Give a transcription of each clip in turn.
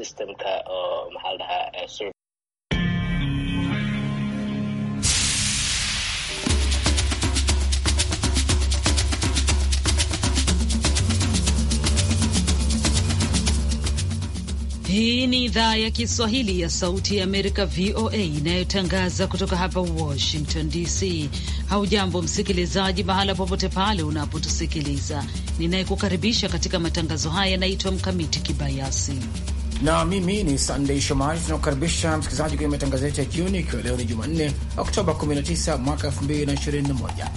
systemka oo maxaa la dhahaa Hii ni idhaa ya Kiswahili ya Sauti ya Amerika, VOA, inayotangaza kutoka hapa Washington DC. Haujambo msikilizaji, mahala popote pale unapotusikiliza. Ninayekukaribisha katika matangazo haya yanaitwa Mkamiti Kibayasi na mimi ni sandey Shomari. Tunakukaribisha msikilizaji kwenye matangazo yetu ya jioni, ikiwa leo ni Jumanne Oktoba 19 mwaka 2021.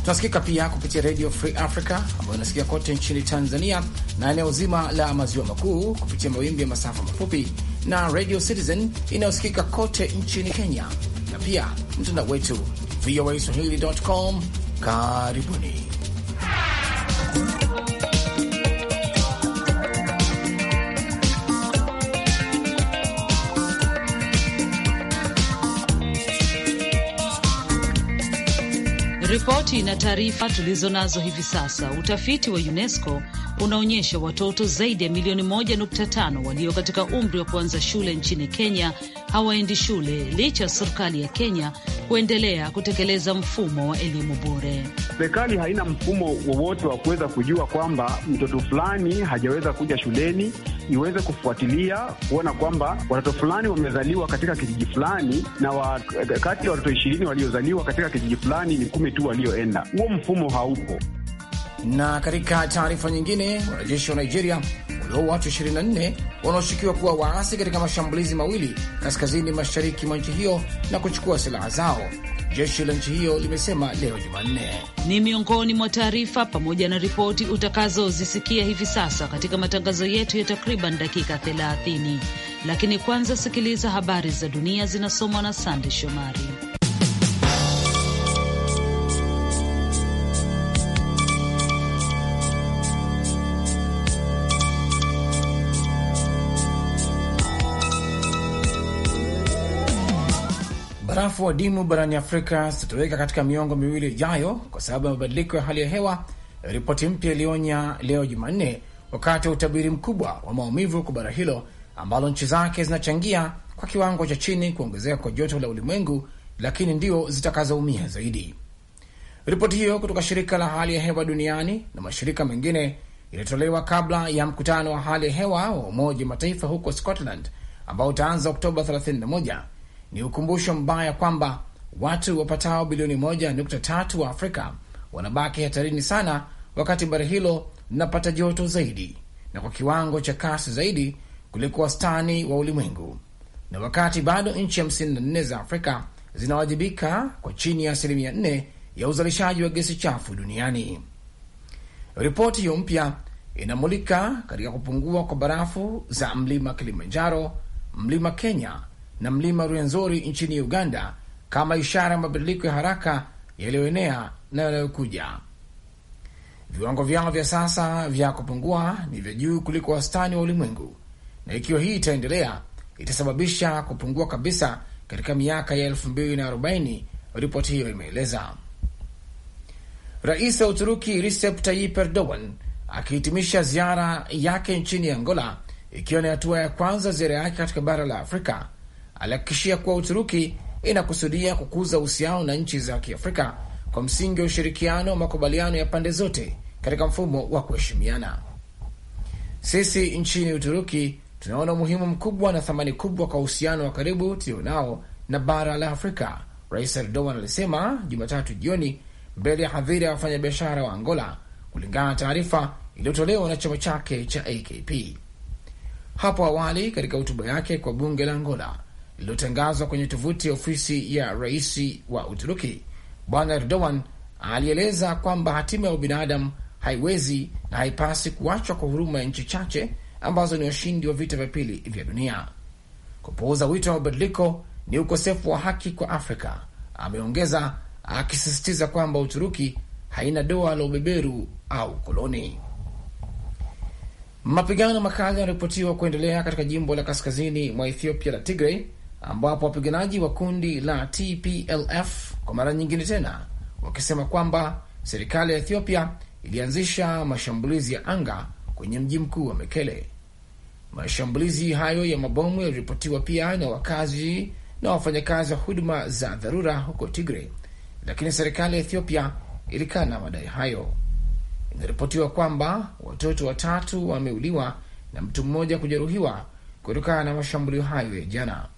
Tunasikika pia kupitia Radio Free Africa ambayo inasikika kote nchini Tanzania na eneo zima la maziwa makuu kupitia mawimbi ya masafa mafupi na Radio Citizen inayosikika kote nchini Kenya na pia mtandao wetu voa swahili.com. Karibuni. Tofauti na taarifa tulizo nazo hivi sasa, utafiti wa UNESCO unaonyesha watoto zaidi ya milioni 1.5 walio katika umri wa kuanza shule nchini Kenya hawaendi shule licha ya serikali ya Kenya kuendelea kutekeleza mfumo wa elimu bure. Serikali haina mfumo wowote wa kuweza kujua kwamba mtoto fulani hajaweza kuja shuleni iweze kufuatilia kuona kwamba watoto fulani wamezaliwa katika kijiji fulani, na wa, kati ya watoto ishirini waliozaliwa katika kijiji fulani ni kumi tu walioenda. Huo mfumo haupo. Na katika taarifa nyingine, wanajeshi wa Nigeria walio watu 24 wanaoshukiwa kuwa waasi katika mashambulizi mawili kaskazini mashariki mwa nchi hiyo na kuchukua silaha zao jeshi la nchi hiyo limesema leo Jumanne. Ni miongoni mwa taarifa pamoja na ripoti utakazozisikia hivi sasa katika matangazo yetu ya takriban dakika 30, lakini kwanza sikiliza habari za dunia zinasomwa na Sande Shomari. uchafu wa dimu barani Afrika zitatoweka katika miongo miwili ijayo kwa sababu ya mabadiliko ya hali ya hewa, ripoti mpya ilionya leo Jumanne, wakati wa utabiri mkubwa wa maumivu kwa bara hilo ambalo nchi zake zinachangia kwa kiwango cha chini kuongezeka kwa joto la ulimwengu, lakini ndio zitakazoumia zaidi. Ripoti hiyo kutoka shirika la hali ya hewa duniani na mashirika mengine ilitolewa kabla ya mkutano wa hali ya hewa wa Umoja wa Mataifa huko Scotland ambao utaanza Oktoba 31 ni ukumbusho mbaya kwamba watu wapatao bilioni 1.3 wa Afrika wanabaki hatarini sana wakati bara hilo linapata joto zaidi na kwa kiwango cha kasi zaidi kuliko wastani wa ulimwengu, na wakati bado nchi 54 za Afrika zinawajibika kwa chini ya asilimia 4 ya uzalishaji wa gesi chafu duniani. Ripoti hiyo mpya inamulika katika kupungua kwa barafu za mlima Kilimanjaro, mlima Kenya na mlima Ruenzori nchini Uganda kama ishara ya mabadiliko ya haraka yaliyoenea na yanayokuja. Viwango vyao vya sasa vya kupungua ni vya juu kuliko wastani wa ulimwengu, na ikiwa hii itaendelea itasababisha kupungua kabisa katika miaka ya 2040, ripoti hiyo imeeleza. Rais wa Uturuki Recep Tayyip Erdogan akihitimisha ziara yake nchini Angola, ikiwa ni hatua ya kwanza ziara yake katika bara la Afrika alihakikishia kuwa Uturuki inakusudia kukuza uhusiano na nchi za Kiafrika kwa msingi wa ushirikiano wa makubaliano ya pande zote katika mfumo wa kuheshimiana. Sisi nchini Uturuki tunaona umuhimu mkubwa na thamani kubwa kwa uhusiano wa karibu tulionao na bara la Afrika, Rais Erdogan alisema Jumatatu jioni mbele ya hadhira ya wafanyabiashara wa Angola, kulingana na taarifa iliyotolewa na chama chake cha AKP. Hapo awali katika hotuba yake kwa bunge la Angola, lililotangazwa kwenye tovuti ya ofisi ya rais wa Uturuki, Bwana Erdogan alieleza kwamba hatima ya ubinadamu haiwezi na haipasi kuachwa kwa huruma ya nchi chache ambazo ni washindi wa vita vya pili vya dunia. Kupuuza wito wa mabadiliko ni ukosefu wa haki kwa Afrika, ameongeza akisisitiza kwamba Uturuki haina doa la ubeberu au koloni. Mapigano makali yanaripotiwa kuendelea katika jimbo la kaskazini mwa Ethiopia la Tigray ambapo wapiganaji wa kundi la TPLF kwa mara nyingine tena wakisema kwamba serikali ya Ethiopia ilianzisha mashambulizi ya anga kwenye mji mkuu wa Mekele. Mashambulizi hayo ya mabomu yaliripotiwa pia na wakazi na wafanyakazi wa huduma za dharura huko Tigre, lakini serikali ya Ethiopia ilikana madai hayo. Inaripotiwa kwamba watoto watatu wameuliwa na mtu mmoja kujeruhiwa kutokana na mashambulio hayo ya jana.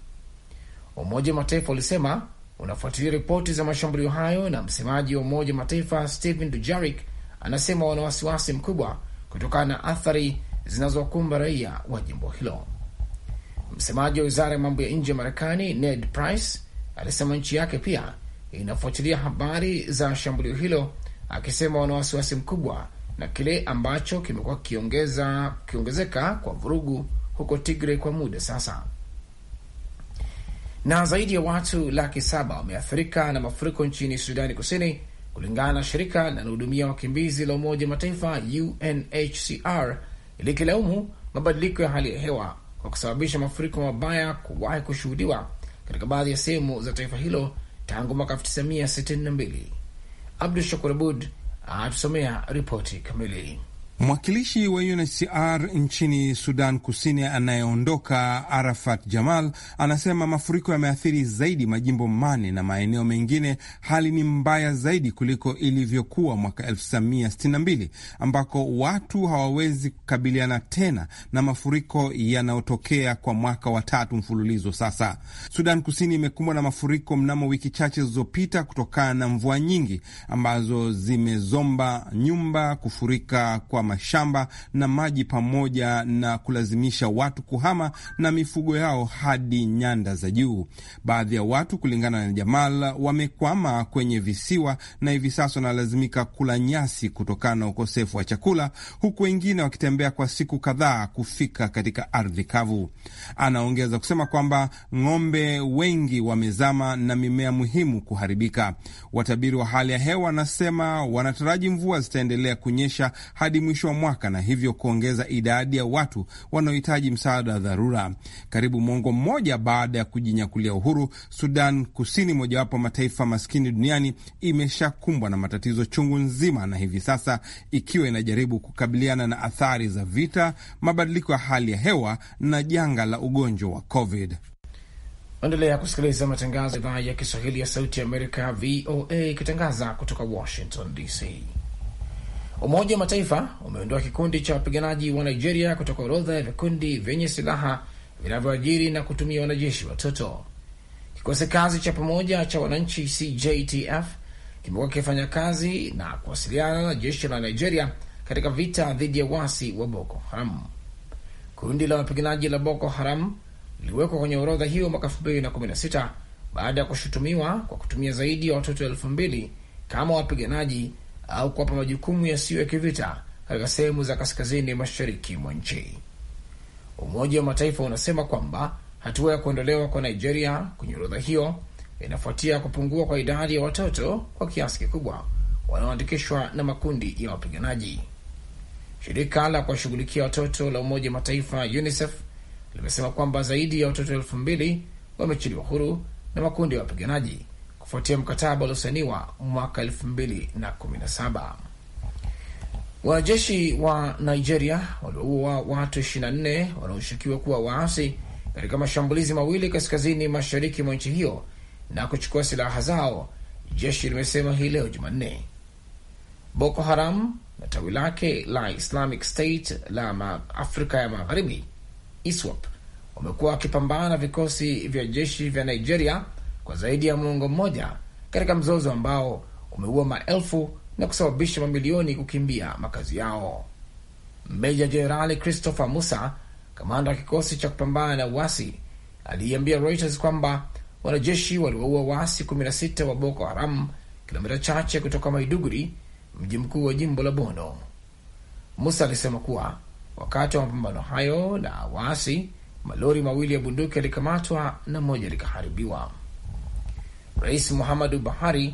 Umoja wa Mataifa ulisema unafuatilia ripoti za mashambulio hayo, na msemaji wa Umoja wa Mataifa Stephen Dujarik anasema wana wasiwasi mkubwa kutokana na athari zinazowakumba raia wa jimbo hilo. Msemaji wa wizara ya mambo ya nje ya Marekani Ned Price alisema nchi yake pia inafuatilia habari za shambulio hilo, akisema wana wasiwasi mkubwa na kile ambacho kimekuwa kiongezeka kwa vurugu huko tigre kwa muda sasa na zaidi ya watu laki saba wameathirika na mafuriko nchini Sudani Kusini, kulingana na shirika linalohudumia wakimbizi la Umoja Mataifa UNHCR likilaumu mabadiliko ya hali ya hewa kwa kusababisha mafuriko mabaya kuwahi kushuhudiwa katika baadhi ya sehemu za taifa hilo tangu mwaka 1962. Abdu Shakur Abud atusomea ripoti kamili. Mwakilishi wa UNHCR nchini Sudan Kusini anayeondoka Arafat Jamal anasema mafuriko yameathiri zaidi majimbo mane na maeneo mengine. Hali ni mbaya zaidi kuliko ilivyokuwa mwaka 1962 ambako watu hawawezi kukabiliana tena na mafuriko yanayotokea kwa mwaka wa tatu mfululizo sasa. Sudan Kusini imekumbwa na mafuriko mnamo wiki chache zilizopita kutokana na mvua nyingi ambazo zimezomba nyumba, kufurika kwa mashamba na maji pamoja na kulazimisha watu kuhama na mifugo yao hadi nyanda za juu. Baadhi ya watu, kulingana na Jamal, wamekwama kwenye visiwa na hivi sasa wanalazimika kula nyasi kutokana na ukosefu wa chakula, huku wengine wakitembea kwa siku kadhaa kufika katika ardhi kavu. Anaongeza kusema kwamba ng'ombe wengi wamezama na mimea muhimu kuharibika. Watabiri wa hali ya hewa wanasema wanataraji mvua zitaendelea kunyesha hadi mwisho wa mwaka na hivyo kuongeza idadi ya watu wanaohitaji msaada wa dharura. Karibu mwongo mmoja baada ya kujinyakulia uhuru, Sudan Kusini, mojawapo mataifa maskini duniani, imeshakumbwa na matatizo chungu nzima, na hivi sasa ikiwa inajaribu kukabiliana na athari za vita, mabadiliko ya hali ya hewa na janga la ugonjwa wa COVID. Endelea kusikiliza matangazo ya idhaa ya Kiswahili ya Sauti ya Amerika, VOA, ikitangaza kutoka Washington DC. Umoja wa Mataifa umeondoa kikundi cha wapiganaji wa Nigeria kutoka orodha ya vikundi vyenye silaha vinavyoajiri na kutumia wanajeshi watoto. Kikosi kazi cha pamoja cha wananchi CJTF kimekuwa kikifanya kazi na kuwasiliana na jeshi la Nigeria katika vita dhidi ya wasi wa Boko Haram. Kundi la wapiganaji la Boko Haram liliwekwa kwenye orodha hiyo mwaka 2016 baada ya kushutumiwa kwa kutumia zaidi ya watoto elfu mbili kama wapiganaji au kuwapa majukumu yasiyo ya kivita katika sehemu za kaskazini mashariki mwa nchi. Umoja wa Mataifa unasema kwamba hatua ya kuondolewa kwa Nigeria kwenye orodha hiyo inafuatia kupungua kwa idadi ya watoto kwa kiasi kikubwa wanaoandikishwa na makundi ya wapiganaji. Shirika la kuwashughulikia watoto la Umoja wa Mataifa UNICEF limesema kwamba zaidi ya watoto elfu mbili wamechiliwa huru na makundi ya wapiganaji kufuatia mkataba uliosainiwa mwaka 2017. Wanajeshi wa Nigeria walioua watu 24 wanaoshukiwa kuwa waasi katika mashambulizi mawili kaskazini mashariki mwa nchi hiyo na kuchukua silaha zao, jeshi limesema hii leo Jumanne. Boko Haram na tawi lake la Islamic State la Afrika ya Magharibi ISWAP wamekuwa wakipambana na vikosi vya jeshi vya Nigeria kwa zaidi ya muongo mmoja katika mzozo ambao umeua maelfu na kusababisha mamilioni kukimbia makazi yao. Meja Jenerali Christopher Musa, kamanda wa kikosi cha kupambana na uasi, aliiambia Reuters kwamba wanajeshi waliwaua waasi 16 wa Boko Haram kilomita chache kutoka Maiduguri, mji mkuu wa jimbo la Bono. Musa alisema kuwa wakati wa mapambano hayo na waasi, malori mawili ya bunduki yalikamatwa na moja likaharibiwa. Rais Muhammadu Buhari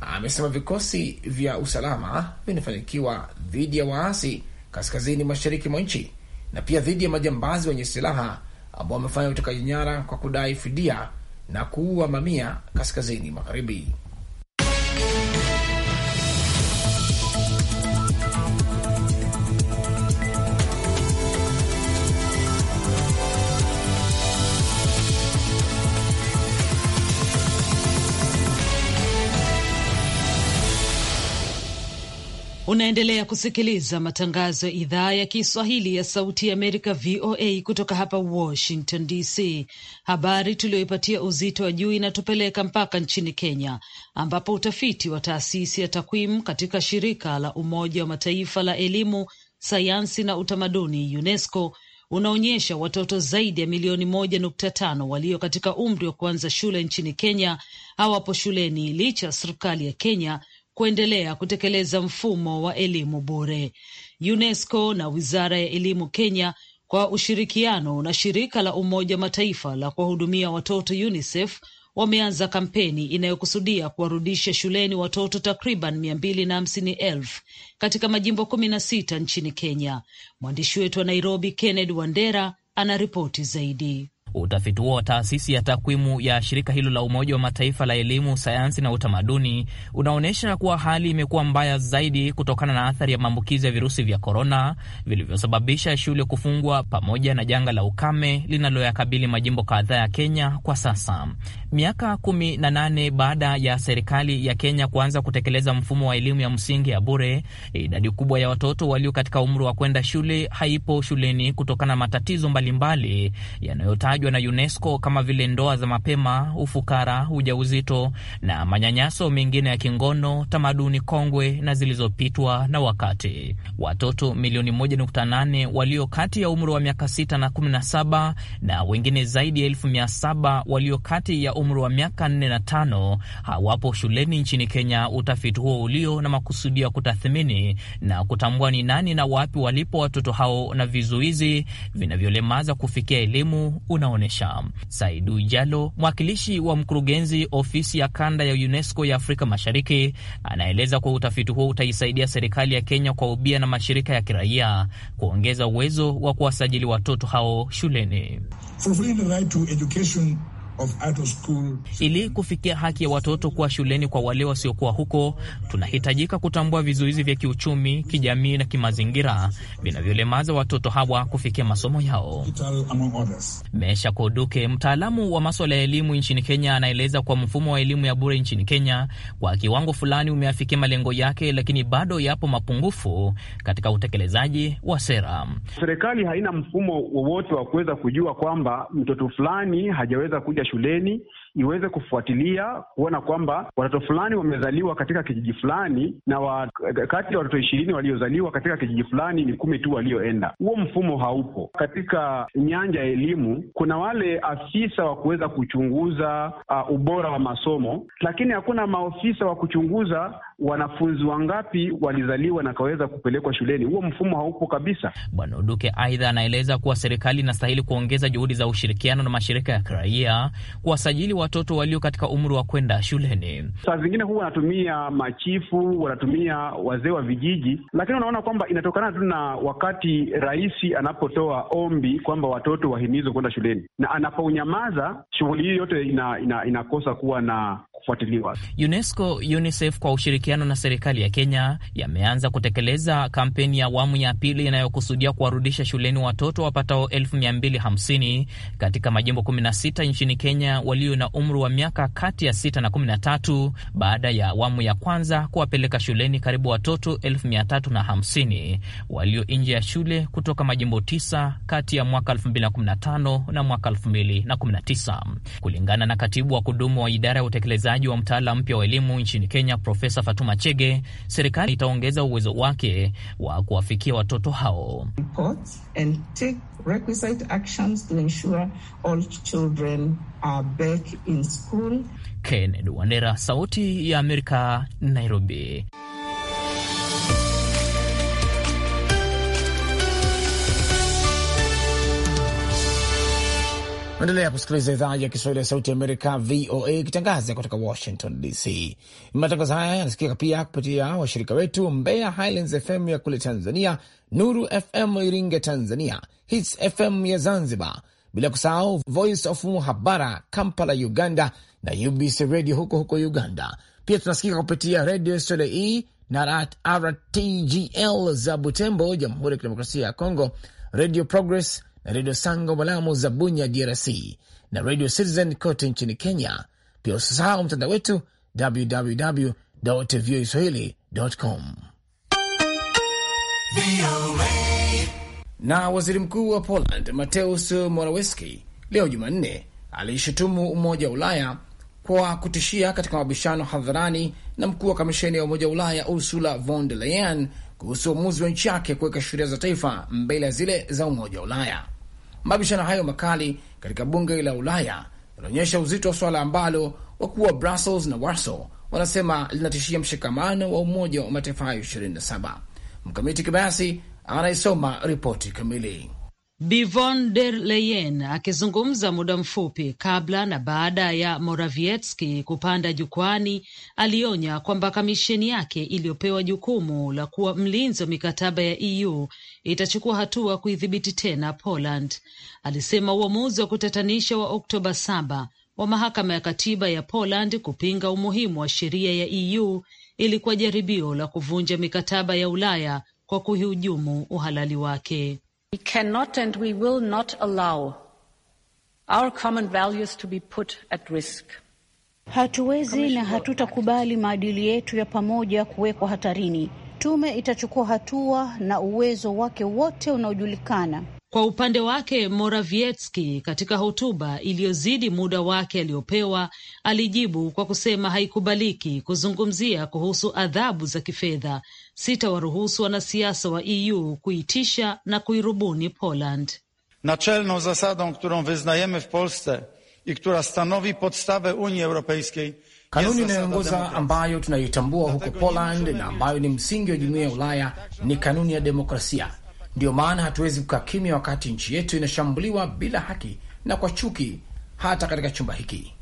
amesema vikosi vya usalama vinafanikiwa dhidi ya waasi kaskazini mashariki mwa nchi na pia dhidi ya majambazi wenye silaha ambao wamefanya utekaji nyara kwa kudai fidia na kuua mamia kaskazini magharibi. Unaendelea kusikiliza matangazo ya idhaa ya Kiswahili ya Sauti ya Amerika, VOA, kutoka hapa Washington DC. Habari tuliyoipatia uzito wa juu inatupeleka mpaka nchini Kenya, ambapo utafiti wa taasisi ya takwimu katika shirika la Umoja wa Mataifa la elimu, sayansi na utamaduni, UNESCO, unaonyesha watoto zaidi ya milioni moja nukta tano walio katika umri wa kuanza shule nchini Kenya hawapo shuleni licha ya serikali ya Kenya kuendelea kutekeleza mfumo wa elimu bure. UNESCO na wizara ya elimu Kenya kwa ushirikiano na shirika la Umoja Mataifa la kuwahudumia watoto UNICEF wameanza kampeni inayokusudia kuwarudisha shuleni watoto takriban mia mbili na hamsini elfu katika majimbo kumi na sita nchini Kenya. Mwandishi wetu wa Nairobi Kennedy Wandera ana ripoti zaidi. Utafiti huo wa taasisi ya takwimu ya shirika hilo la Umoja wa Mataifa la elimu, sayansi na utamaduni unaonyesha kuwa hali imekuwa mbaya zaidi kutokana na athari ya maambukizi ya virusi vya korona vilivyosababisha shule kufungwa pamoja na janga la ukame linaloyakabili majimbo kadhaa ya Kenya kwa sasa. Miaka kumi na nane baada ya serikali ya Kenya kuanza kutekeleza mfumo wa elimu ya msingi ya bure, idadi kubwa ya watoto walio katika umri wa kwenda shule haipo shuleni kutokana na matatizo mbalimbali yanayotajwa yaliyotajwa na UNESCO kama vile ndoa za mapema, ufukara, ujauzito na manyanyaso mengine ya kingono, tamaduni kongwe na zilizopitwa na wakati. Watoto milioni 1.8 walio kati ya umri wa miaka 6 na 17 na wengine zaidi ya elfu mia saba walio kati ya umri wa miaka 4 na 5 hawapo shuleni nchini Kenya, utafiti huo ulio na makusudio ya kutathmini na kutambua ni nani na wapi walipo watoto hao na vizuizi vinavyolemaza kufikia elimu una inaonyesha. Saidu Jalo, mwakilishi wa mkurugenzi ofisi ya kanda ya UNESCO ya Afrika Mashariki, anaeleza kuwa utafiti huo utaisaidia serikali ya Kenya kwa ubia na mashirika ya kiraia kuongeza uwezo wa kuwasajili watoto hao shuleni of school. Ili kufikia haki ya watoto kuwa shuleni kwa wale wasiokuwa huko, tunahitajika kutambua vizuizi vya kiuchumi, kijamii na kimazingira vinavyolemaza watoto hawa kufikia masomo yao. Mesha Koduke, mtaalamu wa maswala ya elimu nchini Kenya, anaeleza kuwa mfumo wa elimu ya bure nchini Kenya kwa kiwango fulani umeafikia malengo yake, lakini bado yapo mapungufu katika utekelezaji wa sera. Serikali haina mfumo wowote wa kuweza kujua kwamba mtoto fulani hajaweza kuja shuleni iweze kufuatilia kuona kwamba watoto fulani wamezaliwa katika kijiji fulani na wa, kati ya watoto ishirini waliozaliwa katika kijiji fulani ni kumi tu walioenda. Huo mfumo haupo katika nyanja ya elimu. Kuna wale afisa wa kuweza kuchunguza uh, ubora wa masomo, lakini hakuna maofisa wa kuchunguza wanafunzi wangapi walizaliwa na kaweza kupelekwa shuleni. Huo mfumo haupo kabisa. Bwana Uduke aidha anaeleza kuwa serikali inastahili kuongeza juhudi za ushirikiano na mashirika ya kiraia kuwasajili wa watoto walio katika umri wa kwenda shuleni. Saa zingine huwa wanatumia machifu, wanatumia wazee wa vijiji, lakini unaona kwamba inatokana tu na wakati rais anapotoa ombi kwamba watoto wahimizwe kwenda shuleni, na anapounyamaza shughuli hii yote ina, ina, inakosa kuwa na kufuatiliwa. UNESCO, UNICEF kwa ushirikiano na serikali ya Kenya yameanza kutekeleza kampeni ya awamu ya pili inayokusudia kuwarudisha shuleni watoto wapatao 250 katika majimbo 16 nchini Kenya walio na umri wa miaka kati ya 6 na 13 baada ya awamu ya kwanza kuwapeleka shuleni karibu watoto 350 walio nje ya shule kutoka majimbo 9 kati ya mwaka 2015 na mwaka 2019 kulingana na katibu wa kudumu wa idara ya utekelezaji upatikanaji wa mtaala mpya wa elimu nchini Kenya, Profesa Fatuma Chege, serikali itaongeza uwezo wake wa kuwafikia watoto hao. Kennedy Wandera, Sauti ya Amerika, Nairobi. Naendelea kusikiliza idhaa ya Kiswahili ya Sauti ya Amerika, VOA, ikitangaza kutoka Washington DC. Matangazo haya yanasikika pia kupitia washirika wetu Mbeya Highlands FM ya kule Tanzania, Nuru FM Iringa Tanzania, Hits FM ya Zanzibar, bila kusahau Voice of Muhabara Kampala Uganda na UBC Radio huko huko Uganda. Pia tunasikika kupitia Radio Soleil na RTGL za Butembo, Jamhuri ya Kidemokrasia ya Kongo, Radio Progress Redio Sango Malamu za Bunya, DRC, na Radio Citizen kote nchini Kenya. Pia usisahau mtandao wetu www voa swahili com. Na waziri mkuu wa Poland Mateusz Morawiecki leo Jumanne aliishutumu Umoja wa Ulaya kwa kutishia katika mabishano hadharani na mkuu wa kamisheni ya Umoja wa Ulaya Ursula von der Leyen kuhusu uamuzi wa nchi yake kuweka sheria za taifa mbele ya zile za Umoja wa Ulaya. Mabishano hayo makali katika bunge la Ulaya yanaonyesha uzito wa suala ambalo wakuu wa Brussels na Warsaw wanasema linatishia mshikamano wa Umoja wa Mataifa hayo 27. Mkamiti Kibayasi anaisoma ripoti kamili. Bivon der Leyen akizungumza muda mfupi kabla na baada ya Moravietski kupanda jukwani, alionya kwamba kamisheni yake iliyopewa jukumu la kuwa mlinzi wa mikataba ya EU itachukua hatua kuidhibiti tena Poland. Alisema uamuzi wa kutatanisha wa Oktoba saba wa mahakama ya katiba ya Poland kupinga umuhimu wa sheria ya EU ilikuwa jaribio la kuvunja mikataba ya Ulaya kwa kuhujumu uhalali wake. We cannot and we will not allow our common values to be put at risk. Hatuwezi na hatutakubali maadili yetu ya pamoja kuwekwa hatarini. Tume itachukua hatua na uwezo wake wote unaojulikana kwa upande wake Moravietski, katika hotuba iliyozidi muda wake aliyopewa, alijibu kwa kusema haikubaliki kuzungumzia kuhusu adhabu za kifedha. Sitawaruhusu wanasiasa wa EU kuitisha na kuirubuni Poland. naczelną zasadą którą wyznajemy w Polsce i która stanowi podstawę Unii Europejskiej Kanuni inayoongoza ambayo tunaitambua huko Poland na ambayo ni msingi wa jumuiya ya Ulaya ni kanuni ya demokrasia Ndiyo maana hatuwezi kukaa kimya wakati nchi yetu inashambuliwa bila haki na kwa chuki, hata katika chumba hiki.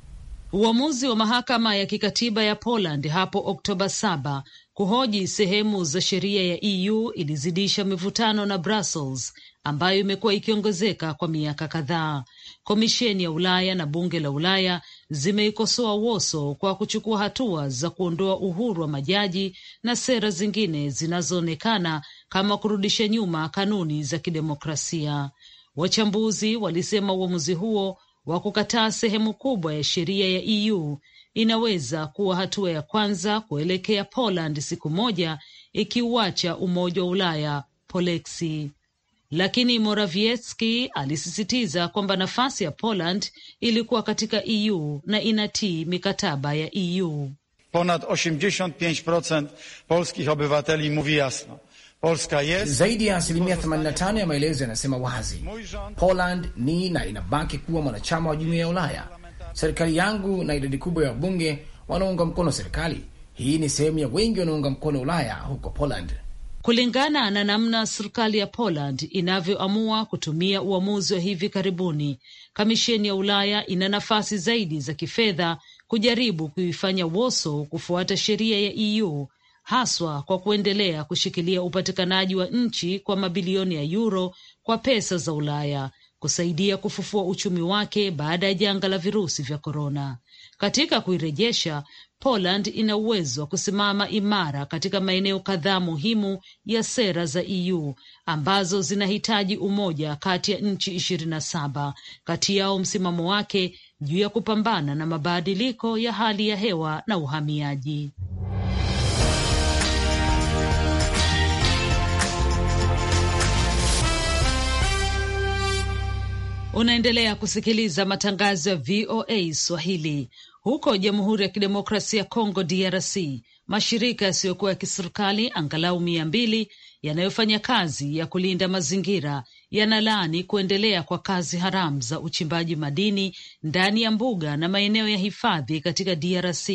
Uamuzi wa mahakama ya kikatiba ya Poland hapo Oktoba saba kuhoji sehemu za sheria ya EU ilizidisha mivutano na Brussels ambayo imekuwa ikiongezeka kwa miaka kadhaa. Komisheni ya Ulaya na bunge la Ulaya zimeikosoa Woso kwa kuchukua hatua za kuondoa uhuru wa majaji na sera zingine zinazoonekana kama kurudisha nyuma kanuni za kidemokrasia. Wachambuzi walisema uamuzi huo wa kukataa sehemu kubwa ya sheria ya EU inaweza kuwa hatua ya kwanza kuelekea Poland siku moja ikiuacha Umoja wa Ulaya Poleksi lakini Morawiecki alisisitiza kwamba nafasi ya Poland ilikuwa katika EU na inatii mikataba ya EU. Ponad 85% polskich obywateli mówi jasno Polska jest. Zaidi ya asilimia 85 ya maelezo yanasema wazi, Poland ni na inabaki kuwa mwanachama wa jumuiya ya Ulaya. Serikali yangu na idadi kubwa ya wabunge wanaunga mkono serikali. Hii ni sehemu ya wengi wanaunga mkono Ulaya huko Poland kulingana na namna serikali ya Poland inavyoamua kutumia uamuzi wa hivi karibuni. Kamisheni ya Ulaya ina nafasi zaidi za kifedha kujaribu kuifanya woso kufuata sheria ya EU haswa kwa kuendelea kushikilia upatikanaji wa nchi kwa mabilioni ya yuro kwa pesa za Ulaya kusaidia kufufua uchumi wake baada ya janga la virusi vya korona. Katika kuirejesha, Poland ina uwezo wa kusimama imara katika maeneo kadhaa muhimu ya sera za EU ambazo zinahitaji umoja kati ya nchi ishirini na saba, kati yao msimamo wake juu ya kupambana na mabadiliko ya hali ya hewa na uhamiaji. Unaendelea kusikiliza matangazo ya VOA Swahili. Huko Jamhuri ya Kidemokrasia ya Kongo, DRC, mashirika yasiyokuwa ya kiserikali angalau mia mbili yanayofanya kazi ya kulinda mazingira yanalaani kuendelea kwa kazi haramu za uchimbaji madini ndani ya mbuga na maeneo ya hifadhi katika DRC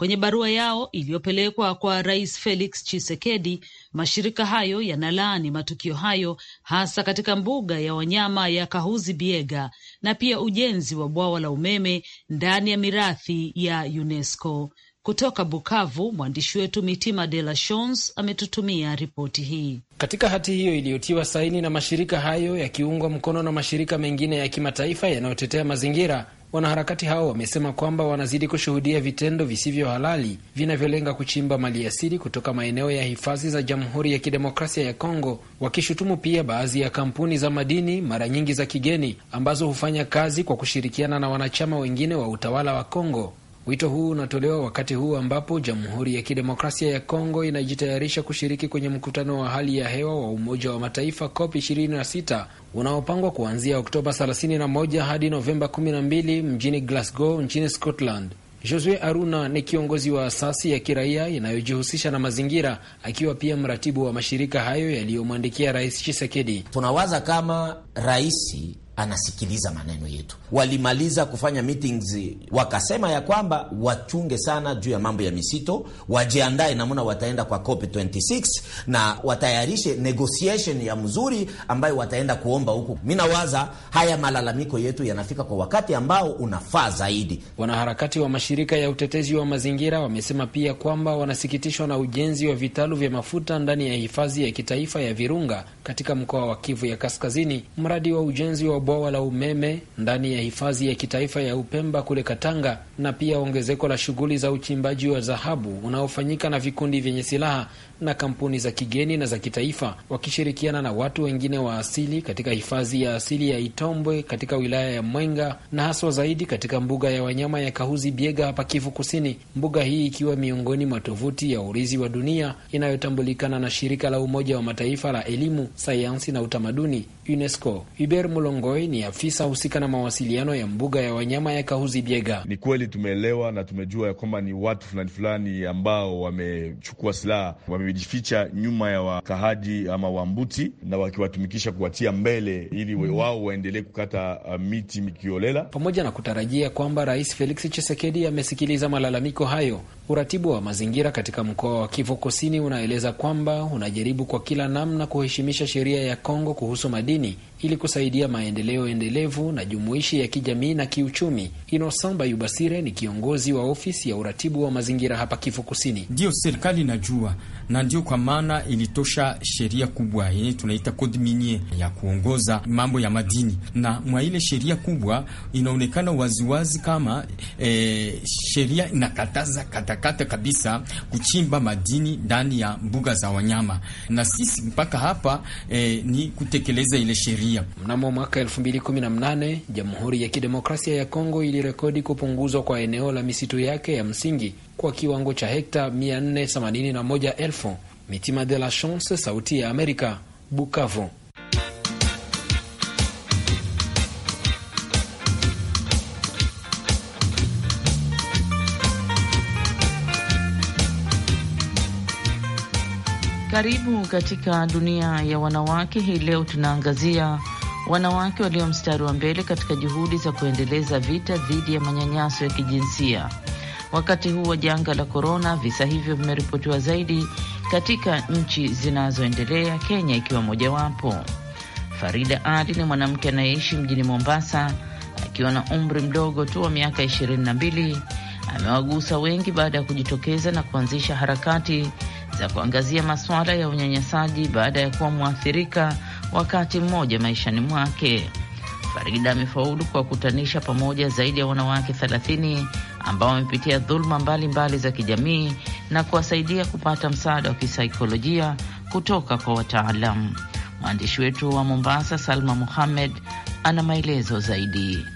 Kwenye barua yao iliyopelekwa kwa Rais Felix chisekedi mashirika hayo yanalaani matukio hayo hasa katika mbuga ya wanyama ya Kahuzi Biega na pia ujenzi wa bwawa la umeme ndani ya mirathi ya UNESCO. Kutoka Bukavu, mwandishi wetu Mitima De La Shons ametutumia ripoti hii. Katika hati hiyo iliyotiwa saini na mashirika hayo yakiungwa mkono na mashirika mengine ya kimataifa yanayotetea mazingira Wanaharakati hao wamesema kwamba wanazidi kushuhudia vitendo visivyo halali vinavyolenga kuchimba maliasili kutoka maeneo ya hifadhi za Jamhuri ya Kidemokrasia ya Kongo, wakishutumu pia baadhi ya kampuni za madini, mara nyingi za kigeni, ambazo hufanya kazi kwa kushirikiana na wanachama wengine wa utawala wa Kongo Wito huu unatolewa wakati huu ambapo Jamhuri ya Kidemokrasia ya Kongo inajitayarisha kushiriki kwenye mkutano wa hali ya hewa wa Umoja wa Mataifa COP 26 unaopangwa kuanzia Oktoba 31 hadi Novemba 12 mjini Glasgow nchini Scotland. Josue Aruna ni kiongozi wa asasi ya kiraia inayojihusisha na mazingira akiwa pia mratibu wa mashirika hayo yaliyomwandikia Rais Chisekedi. Tunawaza kama raisi anasikiliza maneno yetu. Walimaliza kufanya meetings, wakasema ya kwamba wachunge sana juu ya mambo ya misito, wajiandae namna wataenda kwa COP 26 na watayarishe negotiation ya mzuri ambayo wataenda kuomba huku. Mi nawaza haya malalamiko yetu yanafika kwa wakati ambao unafaa zaidi. Wanaharakati wa mashirika ya utetezi wa mazingira wamesema pia kwamba wanasikitishwa na ujenzi wa vitalu vya mafuta ndani ya hifadhi ya kitaifa ya Virunga katika mkoa wa Kivu ya Kaskazini, mradi wa ujenzi wa bwawa la umeme ndani ya hifadhi ya kitaifa ya Upemba kule Katanga, na pia ongezeko la shughuli za uchimbaji wa dhahabu unaofanyika na vikundi vyenye silaha na kampuni za kigeni na za kitaifa wakishirikiana na watu wengine wa asili katika hifadhi ya asili ya Itombwe katika wilaya ya Mwenga na haswa zaidi katika mbuga ya wanyama ya Kahuzi Biega hapa Kivu Kusini, mbuga hii ikiwa miongoni mwa tovuti ya urithi wa dunia inayotambulikana na shirika la Umoja wa Mataifa la elimu, sayansi na utamaduni UNESCO. Hubert Mulongoi ni afisa husika na mawasiliano ya mbuga ya wanyama ya Kahuzi Biega. Ni kweli tumeelewa na tumejua ya kwamba ni watu fulani fulani ambao wamechukua silaha wame wamejificha nyuma ya wakahadi ama wambuti na wakiwatumikisha kuwatia mbele ili mm, wao waendelee kukata uh, miti mikiolela. Pamoja na kutarajia kwamba Rais Felix Chisekedi amesikiliza malalamiko hayo, uratibu wa mazingira katika mkoa wa Kivu Kusini unaeleza kwamba unajaribu kwa kila namna kuheshimisha sheria ya Kongo kuhusu madini ili kusaidia maendeleo endelevu na jumuishi ya kijamii na kiuchumi. Inosamba Yubasire ni kiongozi wa ofisi ya uratibu wa mazingira hapa Kivu Kusini. Ndiyo serikali inajua na ndio kwa maana ilitosha sheria kubwa yenye tunaita code minier ya kuongoza mambo ya madini, na mwa ile sheria kubwa inaonekana waziwazi kama e, sheria inakataza katakata kabisa kuchimba madini ndani ya mbuga za wanyama, na sisi mpaka hapa e, ni kutekeleza ile sheria raia. Mnamo mwaka 2018 Jamhuri ya Kidemokrasia ya Kongo ilirekodi kupunguzwa kwa eneo la misitu yake ya msingi kwa kiwango cha hekta 481,000. Mitima de la Chance, Sauti ya Amerika, Bukavu. Karibu katika dunia ya wanawake. Hii leo tunaangazia wanawake walio mstari wa mbele katika juhudi za kuendeleza vita dhidi ya manyanyaso ya kijinsia. Wakati huu wa janga la korona, visa hivyo vimeripotiwa zaidi katika nchi zinazoendelea, Kenya ikiwa mojawapo. Farida Ali ni mwanamke anayeishi mjini Mombasa. Akiwa na umri mdogo tu wa miaka 22, amewagusa wengi baada ya kujitokeza na kuanzisha harakati za kuangazia masuala ya unyanyasaji baada ya kuwa mwathirika wakati mmoja maishani mwake. Farida amefaulu kuwakutanisha pamoja zaidi ya wanawake 30 ambao wamepitia dhuluma mbalimbali za kijamii na kuwasaidia kupata msaada wa kisaikolojia kutoka kwa wataalamu. Mwandishi wetu wa Mombasa, Salma Muhammed, ana maelezo zaidi.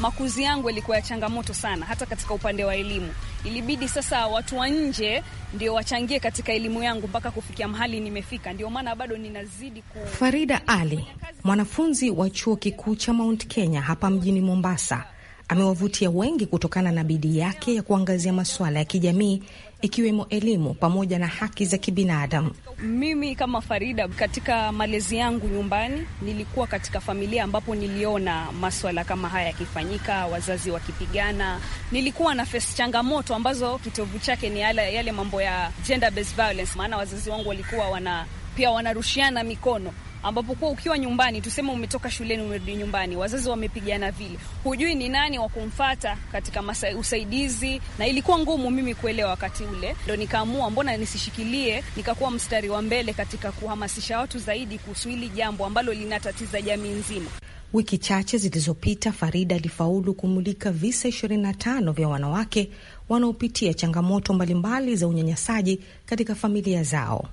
Makuzi yangu yalikuwa ya changamoto sana, hata katika upande wa elimu ilibidi sasa watu wa nje ndio wachangie katika elimu yangu mpaka kufikia mahali nimefika, ndio maana bado ninazidi ku... Farida Ali, mwanafunzi wa chuo kikuu cha Mount Kenya hapa mjini Mombasa, amewavutia wengi kutokana na bidii yake ya kuangazia masuala ya kijamii ikiwemo elimu pamoja na haki za kibinadamu. Mimi kama Farida, katika malezi yangu nyumbani, nilikuwa katika familia ambapo niliona maswala kama haya yakifanyika, wazazi wakipigana. Nilikuwa na face changamoto ambazo kitovu chake ni yale, yale mambo ya gender based violence, maana wazazi wangu walikuwa wana pia wanarushiana mikono ambapo kuwa ukiwa nyumbani, tuseme umetoka shuleni umerudi nyumbani, wazazi wamepigana vile, hujui ni nani wa kumfata katika masa, usaidizi, na ilikuwa ngumu mimi kuelewa wakati ule. Ndo nikaamua mbona nisishikilie, nikakuwa mstari wa mbele katika kuhamasisha watu zaidi kuhusu hili jambo ambalo linatatiza jamii nzima. Wiki chache zilizopita Farida alifaulu kumulika visa 25 vya wanawake wanaopitia changamoto mbalimbali za unyanyasaji katika familia zao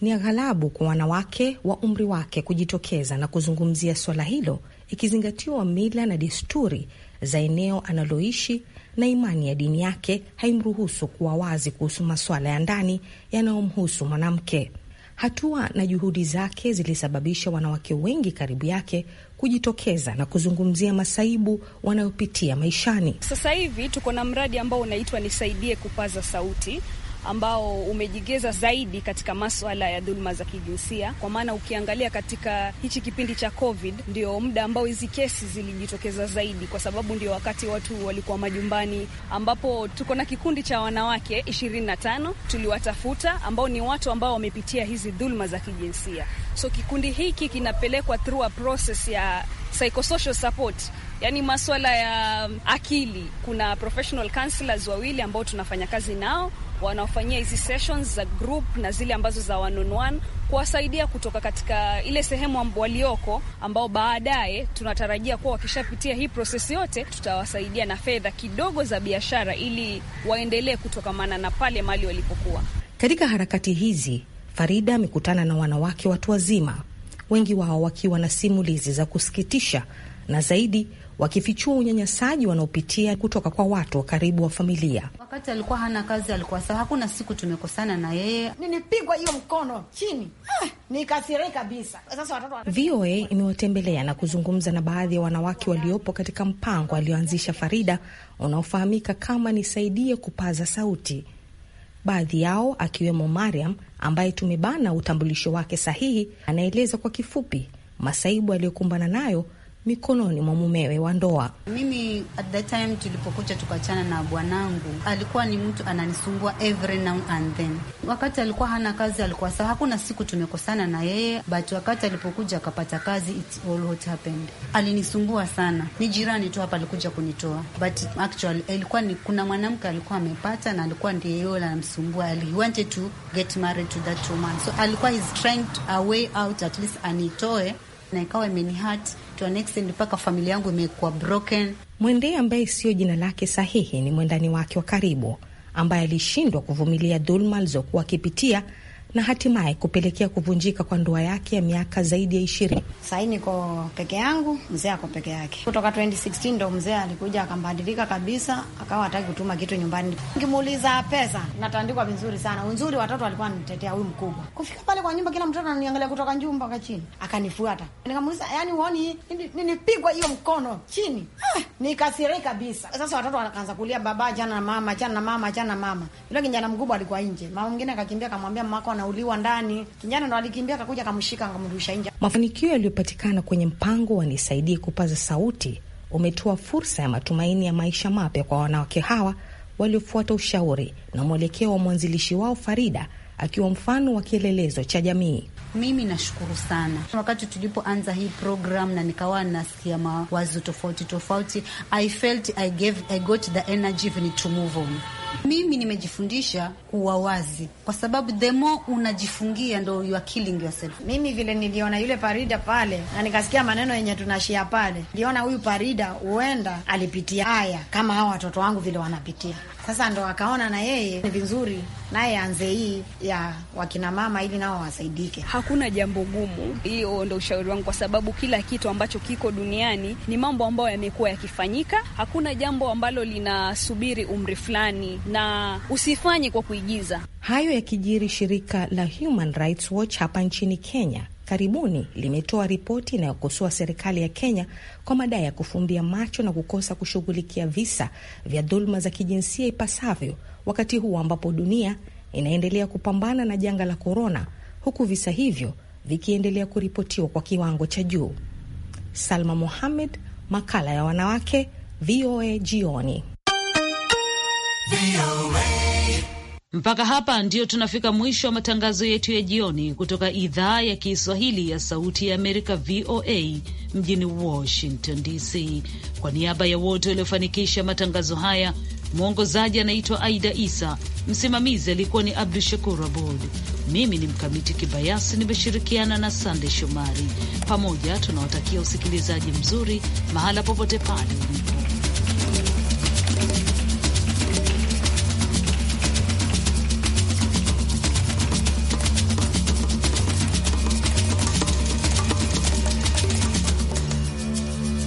ni aghalabu kwa wanawake wa umri wake kujitokeza na kuzungumzia swala hilo, ikizingatiwa mila na desturi za eneo analoishi na imani ya dini yake haimruhusu kuwa wazi kuhusu masuala ya ndani yanayomhusu mwanamke. Hatua na juhudi zake zilisababisha wanawake wengi karibu yake kujitokeza na kuzungumzia masaibu wanayopitia maishani. Sasa hivi tuko na mradi ambao unaitwa Nisaidie Kupaza Sauti, ambao umejigeza zaidi katika maswala ya dhuluma za kijinsia, kwa maana ukiangalia katika hichi kipindi cha COVID ndio muda ambao hizi kesi zilijitokeza zaidi, kwa sababu ndio wakati watu walikuwa majumbani, ambapo tuko na kikundi cha wanawake 25 tuliwatafuta, ambao ni watu ambao wamepitia hizi dhuluma za kijinsia. So kikundi hiki kinapelekwa through a process ya psychosocial support yaani maswala ya akili. Kuna professional counselors wawili ambao tunafanya kazi nao wanaofanyia hizi sessions za group na zile ambazo za one on one, kuwasaidia kutoka katika ile sehemu walioko, ambao baadaye tunatarajia kuwa wakishapitia hii proses yote, tutawasaidia na fedha kidogo za biashara, ili waendelee kutokamana na pale mali walipokuwa. Katika harakati hizi, Farida amekutana na wanawake watu wazima, wengi wao wakiwa na simulizi za kusikitisha na zaidi wakifichua unyanyasaji wanaopitia kutoka kwa watu wa karibu wa familia. Wakati alikuwa hana kazi, alikuwa sawa, hakuna siku tumekosana na yeye. Nilipigwa hiyo mkono chini, ah, nikasiri kabisa. Sasa watoto wa VOA imewatembelea na kuzungumza na baadhi ya wanawake waliopo katika mpango alioanzisha Farida unaofahamika kama Nisaidie Kupaza Sauti. Baadhi yao akiwemo Mariam ambaye tumebana utambulisho wake sahihi, anaeleza kwa kifupi masaibu aliyokumbana nayo mikononi mwa mumewe wa ndoa. Mimi at the time tulipokuja tukachana na bwanangu, alikuwa ni mtu ananisumbua every now and then. Wakati alikuwa hana kazi, alikuwa sawa, hakuna siku tumekosana na yeye, but wakati alipokuja akapata kazi, it all what happened, alinisumbua sana. Ni jirani tu hapa alikuja kunitoa, but actually ilikuwa ni kuna mwanamke alikuwa amepata na alikuwa ndiye yeye anamsumbua, he wanted to get married to that woman, so alikuwa he's trying to a way out, at least anitoe na ikawa imenihurt to an extent mpaka familia yangu imekuwa broken. Mwendee ambaye sio jina lake sahihi ni mwendani wake wa karibu ambaye alishindwa kuvumilia dhuluma alizokuwa akipitia na hatimaye kupelekea kuvunjika kwa ndoa yake ya miaka zaidi ya ishirini. Sahii niko peke yangu, mzee ako peke yake. Kutoka 2016 ndo mzee alikuja akambadilika kabisa, akawa hataki kutuma kitu nyumbani. Nkimuuliza pesa, natandikwa vizuri sana. unzuri. watoto walikuwa anitetea huyu mkubwa. Kufika pale kwa nyumba, kila mtoto ananiangalia kutoka juu mpaka chini, akanifuata. Nikamuuliza, yani uoni ninipigwa hiyo mkono chini? Ah, nikasiri kabisa. Sasa watoto wakaanza kulia, baba jana na mama, jana na mama, jana na mama. Yule kijana mkubwa alikuwa nje, mama mwingine akakimbia, akamwambia mamako anauliwa ndani, kijana ndo alikimbia akakuja akamshika akamrusha nje. Mafanikio yaliyopatikana kwenye mpango wa Nisaidie Kupaza Sauti umetoa fursa ya matumaini ya maisha mapya kwa wanawake hawa waliofuata ushauri na mwelekeo wa mwanzilishi wao Farida akiwa mfano wa kielelezo cha jamii. Mimi nashukuru sana, wakati tulipoanza hii program na nikawa nasikia mawazo tofauti tofauti, I felt I gave, I got the energy to move on. Mimi nimejifundisha kuwa wazi, kwa sababu the more unajifungia ndo you are killing yourself. Mimi vile niliona yule Parida pale na nikasikia maneno yenye tunashia pale, niliona huyu Parida huenda alipitia haya kama hawa watoto wangu vile wanapitia. Sasa ndo akaona na yeye ni vizuri naye anze hii ya wakina mama ili nao wasaidike. Hakuna jambo gumu, hiyo ndo ushauri wangu, kwa sababu kila kitu ambacho kiko duniani ni mambo ambayo yamekuwa yakifanyika. Hakuna jambo ambalo linasubiri umri fulani na usifanye kwa kuigiza. Hayo yakijiri, shirika la Human Rights Watch hapa nchini Kenya karibuni limetoa ripoti inayokosoa serikali ya Kenya kwa madai ya kufumbia macho na kukosa kushughulikia visa vya dhuluma za kijinsia ipasavyo, wakati huu ambapo dunia inaendelea kupambana na janga la korona, huku visa hivyo vikiendelea kuripotiwa kwa kiwango cha juu. Salma Mohamed, makala ya wanawake, VOA jioni. Mpaka hapa ndiyo tunafika mwisho wa matangazo yetu ya jioni kutoka idhaa ya Kiswahili ya Sauti ya Amerika, VOA mjini Washington DC. Kwa niaba ya wote waliofanikisha matangazo haya, mwongozaji anaitwa Aida Isa, msimamizi alikuwa ni Abdu Shakur Abud, mimi ni Mkamiti Kibayasi, nimeshirikiana na Sande Shomari. Pamoja tunawatakia usikilizaji mzuri mahala popote pale ulipo.